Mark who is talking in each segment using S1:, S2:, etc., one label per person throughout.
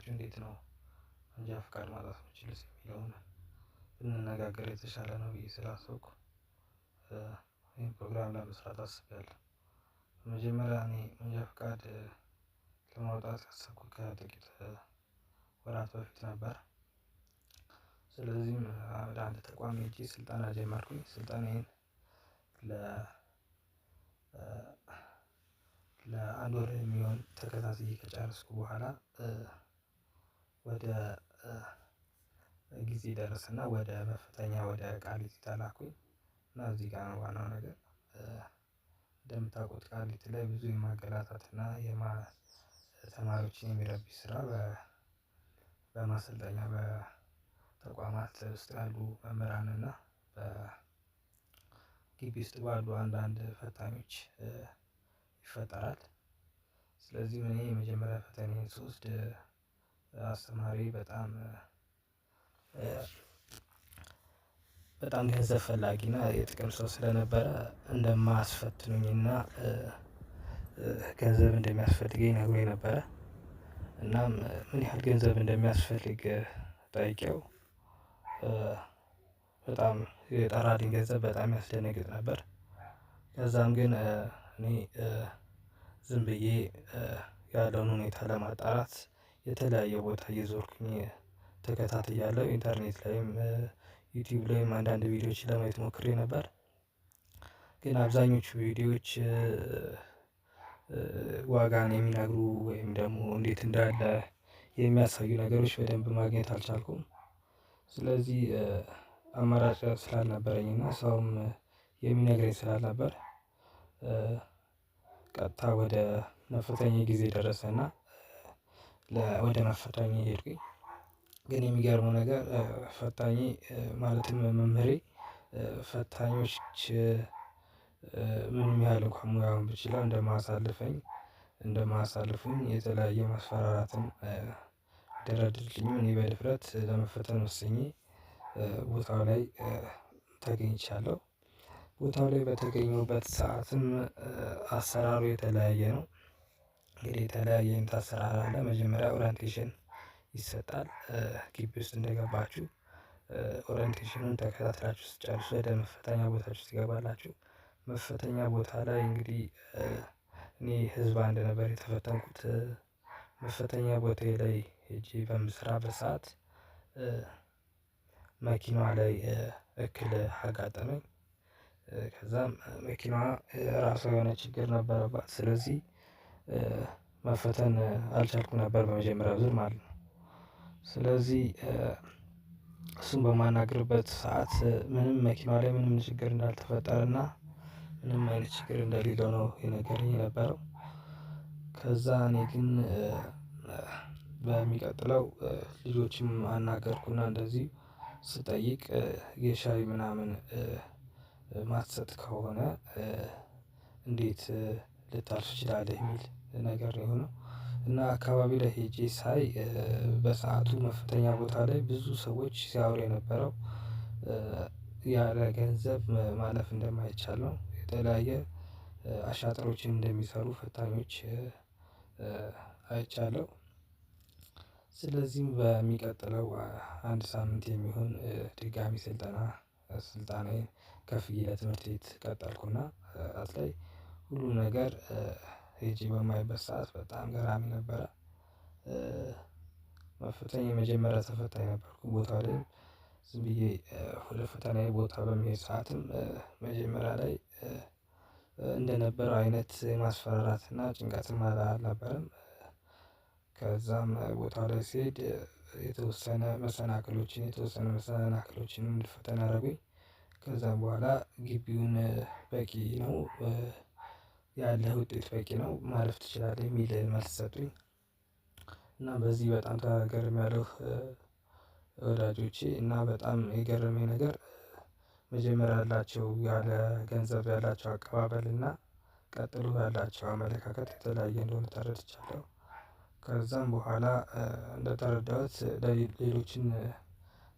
S1: ራሳችሁ እንዴት ነው መንጃ ፍቃድ ማውጣት የምችሉት የሚለውን ብንነጋገር የተሻለ ነው ብዬ ስላሰብኩ ይህን ፕሮግራም ለመስራት አስቤያለሁ። በመጀመሪያ እኔ መንጃ ፍቃድ ለማውጣት ያሰብኩት ከጥቂት ወራት በፊት ነበር። ስለዚህም ወደ አንድ ተቋም ሄጄ ስልጠና ጀመርኩኝ። ስልጠናዬን ለአንድ ወር የሚሆን ተከታትዬ ከጨረስኩ በኋላ ወደ ጊዜ ደረስና ወደ መፈተኛ ወደ ቃሊቲ ተላኩኝ እና እዚህ ጋር ነው ዋናው ነገር። እንደምታውቁት ቃሊቲ ላይ ብዙ የማንገላታትና ተማሪዎችን የሚረብሽ ስራ በማሰልጠኛ በተቋማት ውስጥ ያሉ መምህራንና በግቢ ውስጥ ባሉ አንዳንድ ፈታኞች ይፈጠራል። ስለዚህ ምን የመጀመሪያ ፈተናዬን ስወስድ አስተማሪ በጣም በጣም ገንዘብ ፈላጊና የጥቅም ሰው ስለነበረ እንደማያስፈትኑኝና ገንዘብ እንደሚያስፈልገኝ ነግሮኝ ነበረ። እናም ምን ያህል ገንዘብ እንደሚያስፈልግ ጠይቄው በጣም የጠራልኝ ገንዘብ በጣም ያስደነግጥ ነበር። ከዛም ግን እኔ ዝም ብዬ ያለውን ሁኔታ ለማጣራት የተለያየ ቦታ እየዞርኩኝ ተከታትያለሁ ኢንተርኔት ላይም ዩቲዩብ ላይም አንዳንድ ቪዲዮዎች ለማየት ሞክሬ ነበር። ግን አብዛኞቹ ቪዲዮዎች ዋጋን የሚነግሩ ወይም ደግሞ እንዴት እንዳለ የሚያሳዩ ነገሮች በደንብ ማግኘት አልቻልኩም። ስለዚህ አማራጭ ስላልነበረኝ እና ሰውም የሚነግረኝ ስላልነበር ቀጥታ ወደ መፈተኛ ጊዜ ደረሰና ወደ ማፈታኝ ሄድኩኝ። ግን የሚገርመው ነገር ፈታኝ ማለትም መምህሬ ፈታኞች ምንም ያህል እንኳን ሙያውን ብችለው እንደማሳልፈኝ እንደማሳልፉኝ የተለያየ ማስፈራራትን ደረድልኝ። እኔ በድፍረት ለመፈተን ወስኜ ቦታው ላይ ተገኝቻለሁ። ቦታው ላይ በተገኘበት ሰዓትም አሰራሩ የተለያየ ነው እንግዲህ የተለያየ አይነት አሰራር አለ። መጀመሪያ ኦሪንቴሽን ይሰጣል። ግቢ ውስጥ እንደገባችሁ ኦሪንቴሽኑን ተከታትላችሁ ስትጨርሱ ወደ መፈተኛ ቦታችሁ ትገባላችሁ። መፈተኛ ቦታ ላይ እንግዲህ እኔ ህዝብ አንድ ነበር የተፈተንኩት። መፈተኛ ቦታ ላይ ሄጄ በምሰራበት ሰዓት መኪናዋ ላይ እክል አጋጠመኝ። ከዛም መኪናዋ ራሷ የሆነ ችግር ነበረባት። ስለዚህ መፈተን አልቻልኩም ነበር በመጀመሪያ ዙር ማለት ነው። ስለዚህ እሱን በማናግርበት ሰዓት ምንም መኪና ላይ ምንም ችግር እንዳልተፈጠረና ምንም አይነት ችግር እንደሌለው ነው የነገረኝ የነበረው። ከዛ እኔ ግን በሚቀጥለው ልጆችም አናገርኩና እንደዚህ ስጠይቅ የሻይ ምናምን ማትሰጥ ከሆነ እንዴት ልታልፍ ትችላለህ የሚል ነገር ነው የሆነው። እና አካባቢ ላይ ሄጄ ሳይ በሰአቱ መፍተኛ ቦታ ላይ ብዙ ሰዎች ሲያወሩ የነበረው ያለ ገንዘብ ማለፍ እንደማይቻል ነው። የተለያየ አሻጥሮችን እንደሚሰሩ ፈታኞች አይቻለው። ስለዚህም በሚቀጥለው አንድ ሳምንት የሚሆን ድጋሚ ስልጠና ስልጣናዬን ከፍዬ ለትምህርት ቤት ቀጠልኩና አት ላይ ሁሉ ነገር ሄጄ በማይበት ሰዓት በጣም ገራሚ ነበረ። መፈተን የመጀመሪያ ተፈታኝ ነበርኩ ቦታ ላይም ዝም ብዬ ወደ ፈተና ቦታ በሚሄድ ሰዓትም መጀመሪያ ላይ እንደነበረው አይነት ማስፈራራትና ጭንቀትም አልነበረም። ከዛም ቦታው ላይ ሲሄድ የተወሰነ መሰናክሎችን የተወሰነ መሰናክሎችን እንድፈተን አደረጉኝ። ከዛም በኋላ ግቢውን በቂ ነው ያለህ ውጤት በቂ ነው ማለፍ ትችላለህ የሚል መልስ ሰጡኝ። እና በዚህ በጣም ያለሁ ወዳጆቼ እና በጣም የገረመኝ ነገር መጀመሪያ ያላቸው ያለ ገንዘብ ያላቸው አቀባበል እና ቀጥሎ ያላቸው አመለካከት የተለያየ እንደሆነ ተረድቻለሁ። ከዛም በኋላ እንደተረዳሁት ሌሎችን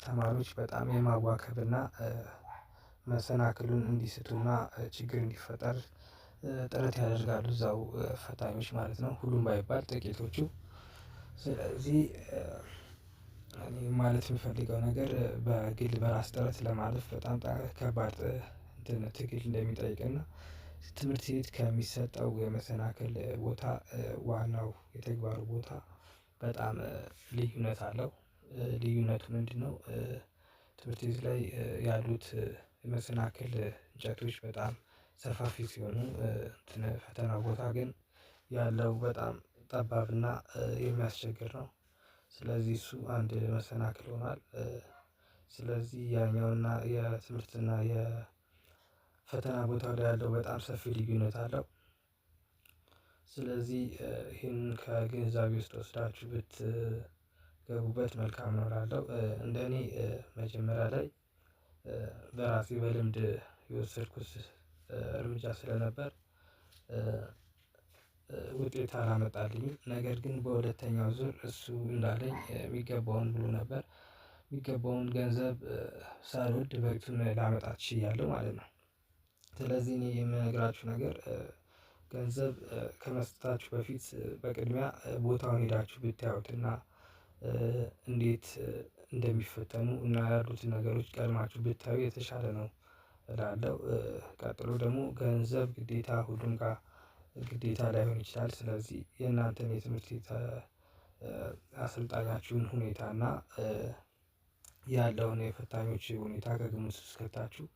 S1: ተማሪዎች በጣም የማዋከብና መሰናክሉን እንዲስቱና ችግር እንዲፈጠር ጥረት ያደርጋሉ እዛው ፈታኞች ማለት ነው። ሁሉም ባይባል ጥቂቶቹ። ስለዚህ ማለት የምፈልገው ነገር በግል በራስ ጥረት ለማለፍ በጣም ከባድ ትግል እንደሚጠይቅና ትምህርት ቤት ከሚሰጠው የመሰናክል ቦታ ዋናው የተግባሩ ቦታ በጣም ልዩነት አለው። ልዩነቱ ነው? ትምህርት ቤት ላይ ያሉት መሰናክል እንጨቶች በጣም ሰፋፊ ሲሆን ፈተና ቦታ ግን ያለው በጣም ጠባብና የሚያስቸግር ነው። ስለዚህ እሱ አንድ መሰናክል ይሆናል። ስለዚህ ያኛውና የትምህርትና የፈተና ቦታው ላይ ያለው በጣም ሰፊ ልዩነት አለው። ስለዚህ ይህን ከግንዛቤ ውስጥ ወስዳችሁ ብትገቡበት መልካም ነው እላለሁ። እንደኔ መጀመሪያ ላይ በራሴ በልምድ የወሰድኩት እርምጃ ስለነበር ውጤት አላመጣልኝም። ነገር ግን በሁለተኛው ዙር እሱ እንዳለኝ የሚገባውን ብሎ ነበር የሚገባውን ገንዘብ ሳልወድ በፊቱን ላመጣ ችያለሁ ማለት ነው። ስለዚህ እኔ የምነግራችሁ ነገር ገንዘብ ከመስጠታችሁ በፊት በቅድሚያ ቦታውን ሄዳችሁ ብታዩትና እንዴት እንደሚፈተኑ እና ያሉትን ነገሮች ቀድማችሁ ብታዩ የተሻለ ነው እላለሁ። ቀጥሎ ደግሞ ገንዘብ ግዴታ ሁሉም ጋር ግዴታ ላይሆን ይችላል። ስለዚህ የእናንተን የትምህርት አሰልጣኛችሁን ሁኔታ እና ያለውን የፈታኞች ሁኔታ ከግምት ውስጥ ከተታችሁ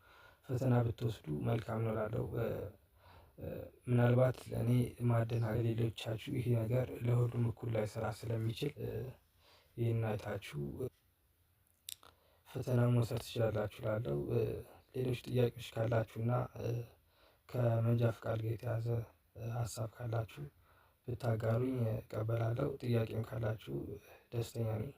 S1: ፈተና ብትወስዱ መልካም ነው እላለሁ። ምናልባት ለእኔ ማደናገር ሌሎቻችሁ ይህ ነገር ለሁሉም እኩል ስራ ስለሚችል ይሄን አይታችሁ ፈተና መውሰድ ትችላላችሁ እላለሁ። ሌሎች ጥያቄዎች ካላችሁ እና ከመንጃ ፍቃድ ጋር የተያዘ ሀሳብ ካላችሁ ብታጋሩኝ እቀበላለሁ። ጥያቄም ካላችሁ ደስተኛ ነኝ።